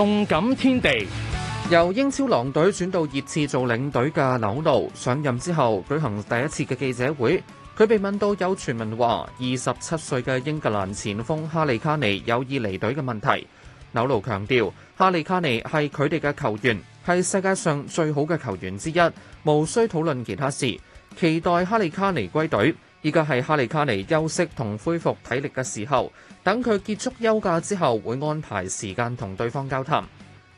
動感天地，由英超狼隊轉到熱刺做領隊嘅紐奴，上任之後舉行第一次嘅記者會，佢被問到有傳聞話二十七歲嘅英格蘭前鋒哈利卡尼有意離隊嘅問題，紐奴強調，哈利卡尼係佢哋嘅球員，係世界上最好嘅球員之一，無需討論其他事，期待哈利卡尼歸隊。依家係哈利卡尼休息同恢復體力嘅時候，等佢結束休假之後，會安排時間同對方交談。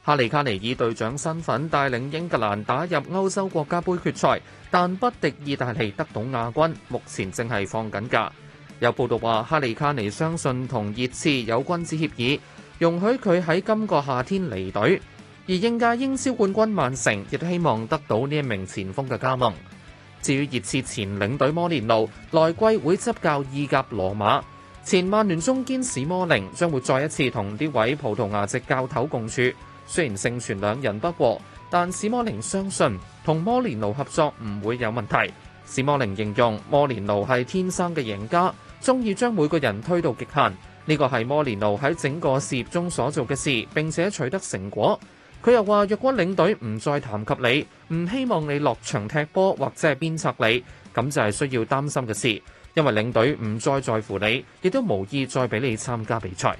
哈利卡尼以隊長身份帶領英格蘭打入歐洲國家杯決賽，但不敵意大利得到亞軍。目前正係放緊假。有報道話，哈利卡尼相信同熱刺有君子協議，容許佢喺今個夏天離隊。而應屆英超冠軍曼城亦都希望得到呢一名前鋒嘅加盟。至於熱刺前領隊摩連奴，來季會執教意甲羅馬。前曼聯中堅史摩寧將會再一次同呢位葡萄牙籍教頭共處，雖然盛傳兩人不和，但史摩寧相信同摩連奴合作唔會有問題。史摩寧形容摩連奴係天生嘅贏家，中意將每個人推到極限，呢個係摩連奴喺整個事業中所做嘅事，並且取得成果。佢又話：若果領隊唔再談及你，唔希望你落場踢波或者係鞭策你，咁就係需要擔心嘅事，因為領隊唔再在乎你，亦都無意再俾你參加比賽。